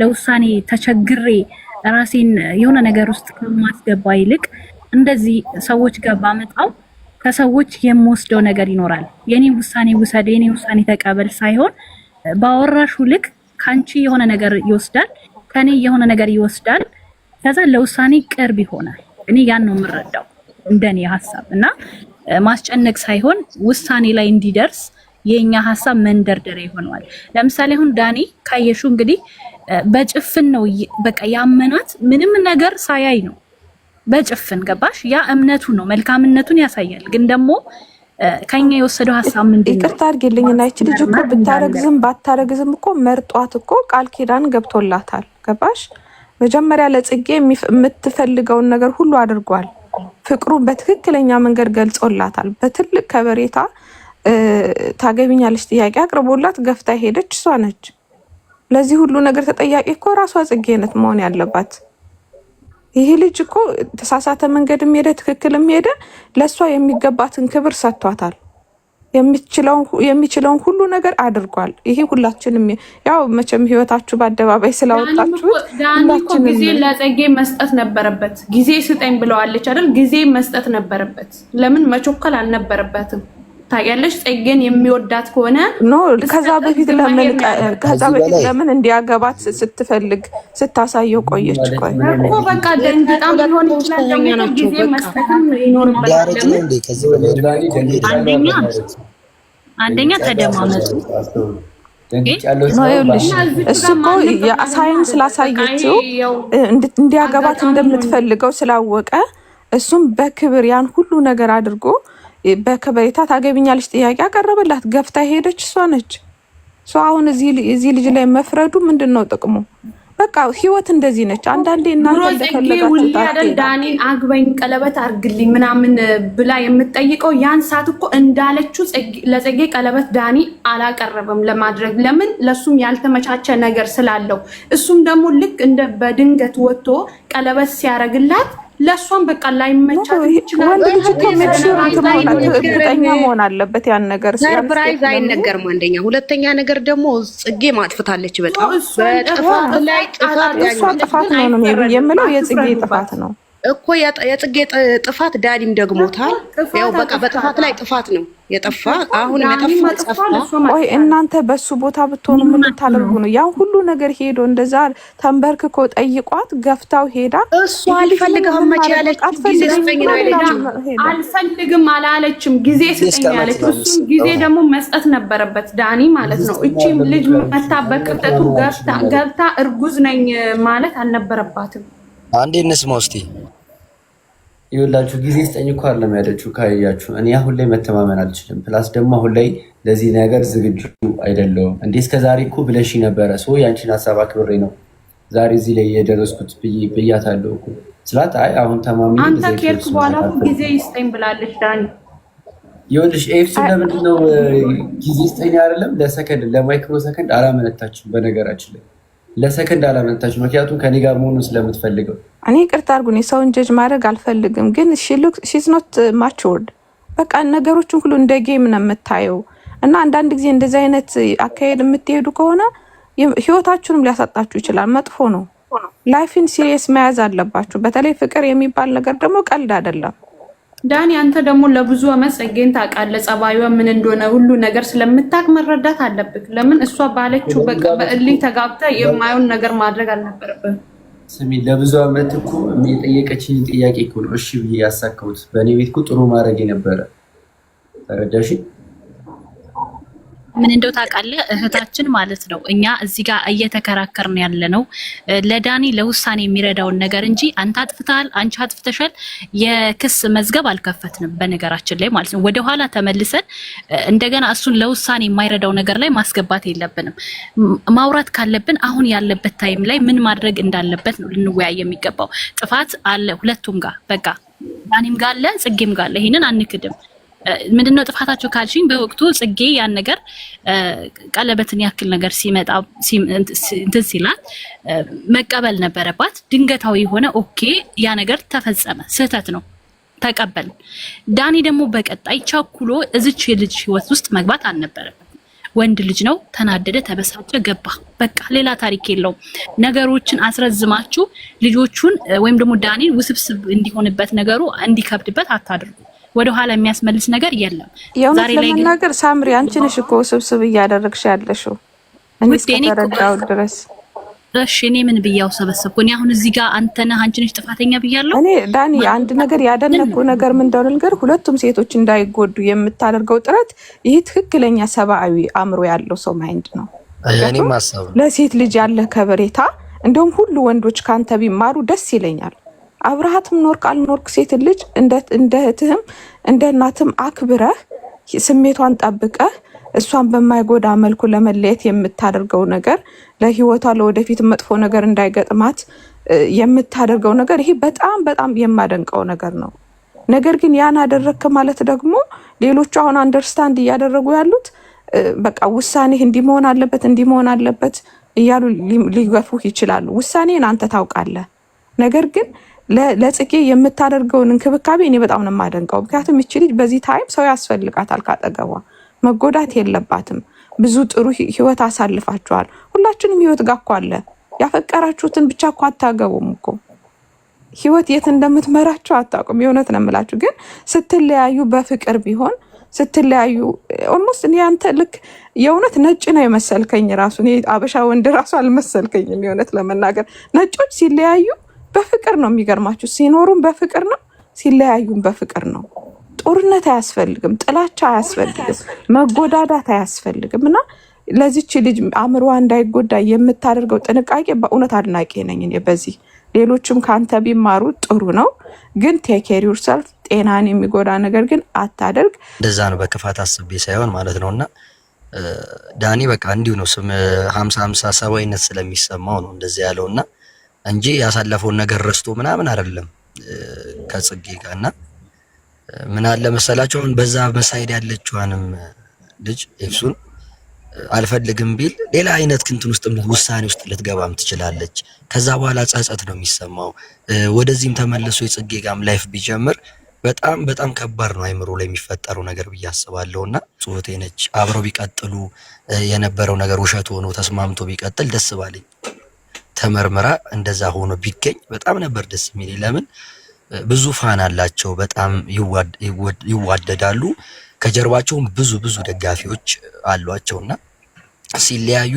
ለውሳኔ ተቸግሬ ራሴን የሆነ ነገር ውስጥ ከማስገባ ይልቅ እንደዚህ ሰዎች ጋር ባመጣው ከሰዎች የምወስደው ነገር ይኖራል። የኔ ውሳኔ ውሰድ፣ የኔ ውሳኔ ተቀበል ሳይሆን ባወራሹ ልክ ከአንቺ የሆነ ነገር ይወስዳል፣ ከኔ የሆነ ነገር ይወስዳል። ከዛ ለውሳኔ ቅርብ ይሆናል። እኔ ያን ነው የምረዳው እንደኔ ሀሳብ እና ማስጨነቅ ሳይሆን ውሳኔ ላይ እንዲደርስ የኛ ሀሳብ መንደርደሪያ ይሆነዋል። ለምሳሌ አሁን ዳኒ ካየሹ እንግዲህ በጭፍን ነው በቃ ያመናት ምንም ነገር ሳያይ ነው በጭፍን ገባሽ ያ እምነቱ ነው መልካምነቱን ያሳያል ግን ደግሞ ከኛ የወሰደው ሀሳብ ምንድን ነው ይቅርታ አድርጌልኝና ይቺ ልጅ እኮ ብታረግዝም ባታረግዝም እኮ መርጧት እኮ ቃል ኪዳን ገብቶላታል ገባሽ መጀመሪያ ለጽጌ የምትፈልገውን ነገር ሁሉ አድርጓል ፍቅሩን በትክክለኛ መንገድ ገልጾላታል በትልቅ ከበሬታ ታገቢኛለች ጥያቄ አቅርቦላት ገፍታ ሄደች እሷ ነች ለዚህ ሁሉ ነገር ተጠያቂ እኮ ራሷ ጽጌነት መሆን ያለባት። ይሄ ልጅ እኮ ተሳሳተ መንገድም ሄደ ትክክልም ሄደ፣ ለእሷ የሚገባትን ክብር ሰጥቷታል። የሚችለውን ሁሉ ነገር አድርጓል። ይሄ ሁላችንም ያው መቼም ህይወታችሁ በአደባባይ ስላወጣችሁት ዳኒ ጊዜ ለጸጌ መስጠት ነበረበት። ጊዜ ስጠኝ ብለዋለች አይደል? ጊዜ መስጠት ነበረበት። ለምን መቾከል አልነበረበትም? ታውቂያለሽ ጸጌን የሚወዳት ከሆነ ኖ ከዛ በፊት ለምን ከዛ በፊት ለምን እንዲያገባት ስትፈልግ ስታሳየው ቆየች። ቆይ እኮ በቃ ደንግጣም ሊሆን ይችላል። ጊዜ መስጠትም ይኖርበታል። አንደኛ አንደኛ ተደማመጡ። እሱ እኮ የአሳይን ስላሳየችው እንዲያገባት እንደምትፈልገው ስላወቀ እሱም በክብር ያን ሁሉ ነገር አድርጎ በከበሬታ ታገቢኛለች ጥያቄ ያቀረበላት ገፍታ ሄደች። እሷ ነች ሰው። አሁን እዚህ ልጅ ላይ መፍረዱ ምንድን ነው ጥቅሙ? በቃ ህይወት እንደዚህ ነች። አንዳንዴ እናንተለፈለጋቸውጣል ዳኒን አግበኝ ቀለበት አርግልኝ ምናምን ብላ የምትጠይቀው ያን ሰዓት እኮ እንዳለችው ለጸጌ ቀለበት ዳኒ አላቀረበም ለማድረግ ለምን ለሱም ያልተመቻቸ ነገር ስላለው እሱም ደግሞ ልክ እንደ በድንገት ወጥቶ ቀለበት ሲያረግላት ለእሷም በቃ ላይመቻት ወንድ መሆን አለበት። ያን ነገር ሰርፕራይዝ አይነገርም። አንደኛ፣ ሁለተኛ ነገር ደግሞ ጽጌ ማጥፍታለች። በጣም ጥፋት ላይ ጥፋት እሷ ጥፋት ነው ነው የምለው የጽጌ ጥፋት ነው። እኮ የጽጌ ጥፋት ዳኒም ደግሞታል። ያው በቃ በጥፋት ላይ ጥፋት ነው የጠፋ አሁን ጠፋይ እናንተ በሱ ቦታ ብትሆኑ ምን ታደርጉ ነው? ያው ሁሉ ነገር ሄዶ እንደዛ ተንበርክኮ ጠይቋት ገፍታው ሄዳ እሱ አልፈልግም መቼ ያለችው ጊዜ ስጠኝ ነው ያለችው። አልፈልግም አላለችም ጊዜ ስጠኝ ያለች። እሱም ጊዜ ደግሞ መስጠት ነበረበት ዳኒ ማለት ነው። እቺም ልጅ መታበቅጠቱ ገብታ እርጉዝ ነኝ ማለት አልነበረባትም። አንዴ እንስማ ውስቲ ይወላችሁ ጊዜ ስጠኝ እኮ አይደለም ያለችው። ካያችሁ እኔ አሁን ላይ መተማመን አልችልም። ፕላስ ደግሞ አሁን ላይ ለዚህ ነገር ዝግጁ አይደለሁም። እንዴ እስከ ዛሬ እኮ ብለሽ ነበረ። ሰው ያንቺን ሀሳብ አክብሬ ነው ዛሬ እዚህ ላይ የደረስኩት ብያታለሁ እኮ ስላት፣ አይ አሁን ተማሚ አንተ ከሄድክ በኋላ ጊዜ ይስጠኝ ብላለች ዳኒ። ይኸውልሽ ኤፍሱ ነው ጊዜ ስጠኝ አይደለም ለሰከንድ ለማይክሮ ሰከንድ አላመነታችም በነገራችን ላይ ለሰከንድ አላመንታች። ምክንያቱም ከኔ ጋር መሆኑን ስለምትፈልገው እኔ ቅርታ አድርጉን የሰውን ጀጅ ማድረግ አልፈልግም፣ ግን ሺዝ ኖት ማችወርድ በቃ ነገሮችን ሁሉ እንደ ጌም ነው የምታየው። እና አንዳንድ ጊዜ እንደዚህ አይነት አካሄድ የምትሄዱ ከሆነ ህይወታችሁንም ሊያሳጣችሁ ይችላል። መጥፎ ነው። ላይፍን ሲሪየስ መያዝ አለባችሁ። በተለይ ፍቅር የሚባል ነገር ደግሞ ቀልድ አይደለም። ዳኒ አንተ ደግሞ ለብዙ አመት ጸጌን ታውቃለህ። ጸባዩ ምን እንደሆነ ሁሉ ነገር ስለምታቅ መረዳት አለብህ። ለምን እሷ ባለችው በቃ በእልህ ተጋብተህ የማየውን ነገር ማድረግ አልነበረብህም። ስሚ ለብዙ አመት እኮ የጠየቀችኝ ጥያቄ እኮ ነው እሺ ብዬ ያሳካሁት። በእኔ ቤት እኮ ጥሩ ማድረግ የነበረ ተረዳሽኝ ምን እንደው ታውቃለህ እህታችን ማለት ነው እኛ እዚህ ጋር እየተከራከርን ያለ ነው ለዳኒ ለውሳኔ የሚረዳውን ነገር እንጂ አንተ አጥፍተሃል፣ አንቺ አጥፍተሻል የክስ መዝገብ አልከፈትንም። በነገራችን ላይ ማለት ነው ወደኋላ ተመልሰን እንደገና እሱን ለውሳኔ የማይረዳው ነገር ላይ ማስገባት የለብንም። ማውራት ካለብን አሁን ያለበት ታይም ላይ ምን ማድረግ እንዳለበት ነው ልንወያይ የሚገባው። ጥፋት አለ ሁለቱም ጋር በቃ ዳኒም ጋር አለ ጽጌም ጋር አለ። ይሄንን አንክድም። ምንድነው ጥፋታቸው ካልሽኝ፣ በወቅቱ ጽጌ ያን ነገር ቀለበትን ያክል ነገር ሲመጣ እንትን ሲላት መቀበል ነበረባት። ድንገታዊ የሆነ ኦኬ፣ ያ ነገር ተፈጸመ፣ ስህተት ነው፣ ተቀበል። ዳኒ ደግሞ በቀጣይ ቸኩሎ እዚች የልጅ ህይወት ውስጥ መግባት አልነበረበት። ወንድ ልጅ ነው። ተናደደ፣ ተበሳጨ፣ ገባ። በቃ ሌላ ታሪክ የለውም። ነገሮችን አስረዝማችሁ ልጆቹን ወይም ደግሞ ዳኒን ውስብስብ እንዲሆንበት ነገሩ እንዲከብድበት አታድርጉ። ወደ ኋላ የሚያስመልስ ነገር የለም። የእውነት ለመናገር ሳምሪ አንቺ ነሽ እኮ ስብስብ እያደረግሽ ያለሽው እኔ እስከተረዳው ድረስ። እሺ እኔ ምን ብያው ሰበሰብኩ? እኔ አሁን እዚህ ጋር አንተ ነህ አንቺ ነሽ ጥፋተኛ ብያለሁ እኔ። ዳኒ አንድ ነገር ያደነቁ ነገር ምን እንደሆነ ነገር ሁለቱም ሴቶች እንዳይጎዱ የምታደርገው ጥረት፣ ይህ ትክክለኛ ሰብአዊ አእምሮ ያለው ሰው ማይንድ ነው። ለሴት ልጅ ያለ ከበሬታ እንደውም ሁሉ ወንዶች ካንተ ቢማሩ ደስ ይለኛል። አብረሃትም ኖርክ አልኖርክ ሴት ልጅ እንደ እህትህም እንደ እናትም አክብረህ ስሜቷን ጠብቀህ እሷን በማይጎዳ መልኩ ለመለየት የምታደርገው ነገር ለህይወቷ ለወደፊት መጥፎ ነገር እንዳይገጥማት የምታደርገው ነገር ይሄ በጣም በጣም የማደንቀው ነገር ነው። ነገር ግን ያን አደረግክ ማለት ደግሞ ሌሎቹ አሁን አንደርስታንድ እያደረጉ ያሉት በቃ ውሳኔህ እንዲህ መሆን አለበት እንዲህ መሆን አለበት እያሉ ሊገፉህ ይችላሉ። ውሳኔን አንተ ታውቃለህ። ነገር ግን ለጽጌ የምታደርገውን እንክብካቤ እኔ በጣም ነው የማደንቀው። ምክንያቱም ይቺ ልጅ በዚህ ታይም ሰው ያስፈልጋታል። ካጠገቧ መጎዳት የለባትም። ብዙ ጥሩ ህይወት አሳልፋችኋል። ሁላችንም ህይወት ጋር እኮ አለ። ያፈቀራችሁትን ብቻ እኮ አታገቡም እኮ ህይወት የት እንደምትመራችሁ አታውቁም። የእውነት ነው የምላችሁ። ግን ስትለያዩ በፍቅር ቢሆን ስትለያዩ ኦልሞስት እኔ አንተ ልክ የእውነት ነጭ ነው የመሰልከኝ ራሱ አበሻ ወንድ ራሱ አልመሰልከኝም። የእውነት ለመናገር ነጮች ሲለያዩ በፍቅር ነው። የሚገርማችሁ ሲኖሩም በፍቅር ነው፣ ሲለያዩም በፍቅር ነው። ጦርነት አያስፈልግም፣ ጥላቻ አያስፈልግም፣ መጎዳዳት አያስፈልግም እና ለዚች ልጅ አእምሯ እንዳይጎዳ የምታደርገው ጥንቃቄ በእውነት አድናቂ ነኝ በዚህ ሌሎችም ከአንተ ቢማሩ ጥሩ ነው። ግን ቴኬር ዩርሰልፍ ጤናን የሚጎዳ ነገር ግን አታደርግ። እንደዛ ነው በክፋት አስቤ ሳይሆን ማለት ነው እና ዳኒ በቃ እንዲሁ ነው ስም ሀምሳ ሀምሳ ሰባዊነት ስለሚሰማው ነው እንደዚ ያለው እና እንጂ ያሳለፈውን ነገር ረስቶ ምናምን አይደለም ከጽጌ ጋር እና ምን አለ መሰላችሁ አሁን በዛ መሳይድ ያለችዋንም ልጅ ኤፍሱን አልፈልግም ቢል ሌላ አይነት ክንትን ውስጥ ውሳኔ ውስጥ ልትገባም ትችላለች። ከዛ በኋላ ጸጸት ነው የሚሰማው። ወደዚህም ተመልሶ የጽጌ ጋም ላይፍ ቢጀምር በጣም በጣም ከባድ ነው አይምሮ ላይ የሚፈጠረው ነገር ብዬ አስባለሁ። እና ጽሁቴ ነች አብረው ቢቀጥሉ የነበረው ነገር ውሸት ሆኖ ተስማምቶ ቢቀጥል ደስ ባለኝ። ተመርምራ እንደዛ ሆኖ ቢገኝ በጣም ነበር ደስ የሚል። ለምን ብዙ ፋን አላቸው፣ በጣም ይዋደዳሉ። ከጀርባቸውም ብዙ ብዙ ደጋፊዎች አሏቸውና ሲለያዩ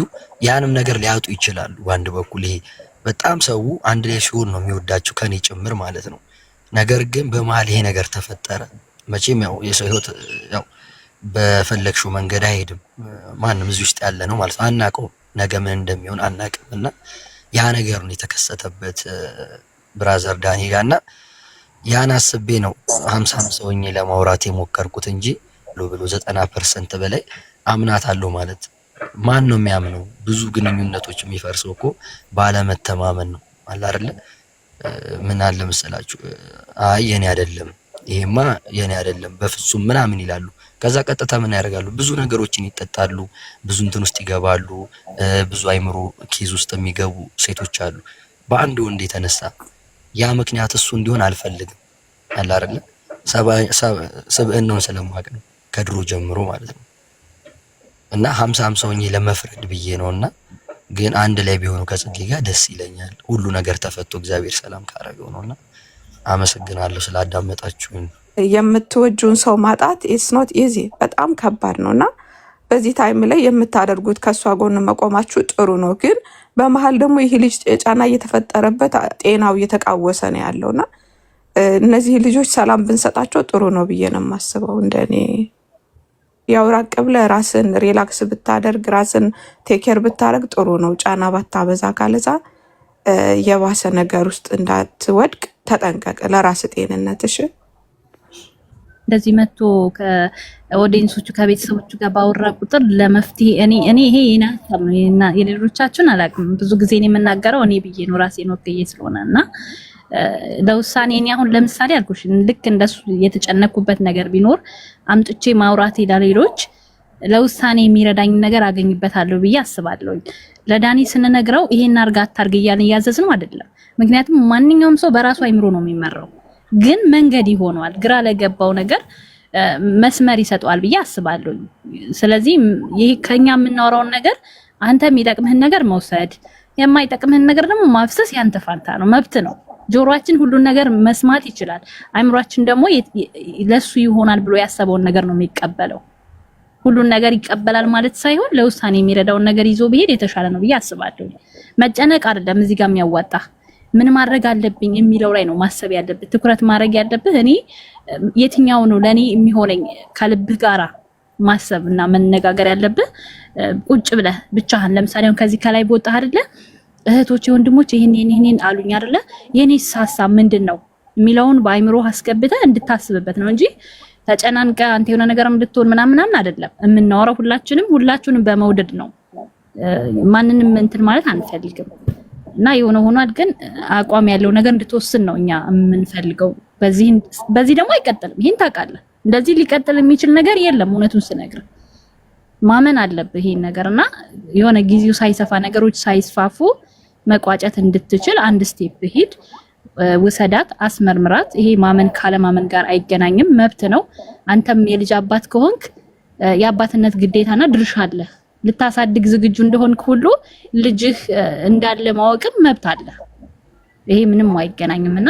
ያንም ነገር ሊያጡ ይችላሉ። በአንድ በኩል ይሄ በጣም ሰው አንድ ላይ ሲሆን ነው የሚወዳቸው ከኔ ጭምር ማለት ነው። ነገር ግን በመሀል ይሄ ነገር ተፈጠረ። መቼም ያው የሰው ህይወት ያው በፈለግሽው መንገድ አይሄድም። ማንም እዚህ ውስጥ ያለ ነው ማለት አናቀው ነገ ምን እንደሚሆን አናውቅም እና ያ ነገር ነው የተከሰተበት ብራዘር ዳኒ ጋር እና ያን አስቤ ነው ሀምሳ ሀምሳ ለማውራት የሞከርኩት እንጂ ብሎ ብሎ ዘጠና ፐርሰንት በላይ አምናት አለው ማለት ማን ነው የሚያምነው? ብዙ ግንኙነቶች የሚፈርሰው እኮ ባለመተማመን ነው አለ አይደለ? ምን አለ መሰላችሁ፣ አይ የኔ አይደለም ይሄማ የኔ አይደለም በፍጹም ምናምን ይላሉ። ከዛ ቀጥታ ምን ያደርጋሉ? ብዙ ነገሮችን ይጠጣሉ፣ ብዙ እንትን ውስጥ ይገባሉ። ብዙ አይምሮ ኬዝ ውስጥ የሚገቡ ሴቶች አሉ። በአንድ ወንድ የተነሳ ያ ምክንያት እሱ እንዲሆን አልፈልግም አለ አይደለ? ስብዕናውን ስለማቅ ነው ከድሮ ጀምሮ ማለት ነው። እና ሀምሳ ሀምሳውኝ ለመፍረድ ብዬ ነው። እና ግን አንድ ላይ ቢሆኑ ከጽጌ ጋር ደስ ይለኛል። ሁሉ ነገር ተፈቶ እግዚአብሔር ሰላም ካረገው ነው። እና አመሰግናለሁ ስላዳመጣችሁኝ። የምትወጁን ሰው ማጣት ኢትስ ኖት ኢዚ በጣም ከባድ ነው እና በዚህ ታይም ላይ የምታደርጉት ከእሷ ጎን መቆማችሁ ጥሩ ነው። ግን በመሀል ደግሞ ይህ ልጅ ጫና እየተፈጠረበት ጤናው እየተቃወሰ ነው ያለው ና እነዚህ ልጆች ሰላም ብንሰጣቸው ጥሩ ነው ብዬ ነው የማስበው። እንደኔ ያው ራቅ ብለህ ራስን ሪላክስ ብታደርግ ራስን ቴኬር ብታደርግ ጥሩ ነው። ጫና ባታበዛ፣ ካለዛ የባሰ ነገር ውስጥ እንዳትወድቅ ተጠንቀቅ። ለራስ ጤንነት እንደዚህ መጥቶ ከኦዲየንሶቹ ከቤተሰቦቹ ጋር ባወራ ቁጥር ለመፍትሄ እኔ እኔ ይሄ የኔ ነው እና የሌሎቻችሁን አላውቅም። ብዙ ጊዜ እኔ የምናገረው እኔ ብዬ ነው ራሴን ወክዬ ስለሆነ እና ለውሳኔ እኔ አሁን ለምሳሌ አልኩሽ ልክ እንደሱ የተጨነኩበት ነገር ቢኖር አምጥቼ ማውራት ሄዳ ሌሎች ለውሳኔ የሚረዳኝ ነገር አገኝበታለሁ ብዬ አስባለሁኝ። ለዳኒ ስንነግረው ይሄን አርጋ አታርግ እያልን እያዘዝነው አይደለም። ምክንያቱም ማንኛውም ሰው በራሱ አይምሮ ነው የሚመራው። ግን መንገድ ይሆነዋል። ግራ ለገባው ነገር መስመር ይሰጠዋል ብዬ አስባለሁ። ስለዚህ ይሄ ከኛ የምናወራውን ነገር አንተ የሚጠቅምህን ነገር መውሰድ፣ የማይጠቅምህን ነገር ደግሞ ማፍሰስ ያንተ ፋንታ ነው፣ መብት ነው። ጆሮአችን ሁሉን ነገር መስማት ይችላል። አይምሯችን ደግሞ ለሱ ይሆናል ብሎ ያሰበውን ነገር ነው የሚቀበለው። ሁሉን ነገር ይቀበላል ማለት ሳይሆን ለውሳኔ የሚረዳውን ነገር ይዞ ብሄድ የተሻለ ነው ብዬ አስባለሁ። መጨነቅ አይደለም እዚህ ጋር የሚያወጣ። ምን ማድረግ አለብኝ የሚለው ላይ ነው ማሰብ ያለብህ፣ ትኩረት ማድረግ ያለብህ እኔ የትኛው ነው ለእኔ የሚሆነኝ ከልብህ ጋራ ማሰብ እና መነጋገር ያለብህ ቁጭ ብለህ ብቻህን። ለምሳሌ አሁን ከዚህ ከላይ በወጣህ አይደለ እህቶች ወንድሞች ይህን ይህን ይህን አሉኝ አይደለ የኔ ሀሳብ ምንድን ነው የሚለውን በአይምሮ አስገብተህ እንድታስብበት ነው እንጂ ተጨናንቀ አንተ የሆነ ነገር እንድትሆን ምናምን አይደለም የምናወራው። ሁላችንም ሁላችሁንም በመውደድ ነው። ማንንም እንትን ማለት አንፈልግም። እና የሆነ ሆኗል። ግን አቋም ያለው ነገር እንድትወስን ነው እኛ የምንፈልገው። በዚህ ደግሞ አይቀጥልም። ይህን ታውቃለህ። እንደዚህ ሊቀጥል የሚችል ነገር የለም። እውነቱን ስነግር ማመን አለብህ ይህን ነገር እና የሆነ ጊዜው ሳይሰፋ ነገሮች ሳይስፋፉ መቋጨት እንድትችል አንድ ስቴፕ ሂድ፣ ውሰዳት፣ አስመርምራት። ይሄ ማመን ካለማመን ጋር አይገናኝም፣ መብት ነው። አንተም የልጅ አባት ከሆንክ የአባትነት ግዴታና ድርሻ አለህ። ልታሳድግ ዝግጁ እንደሆንክ ሁሉ ልጅህ እንዳለ ማወቅም መብት አለ። ይሄ ምንም አይገናኝም እና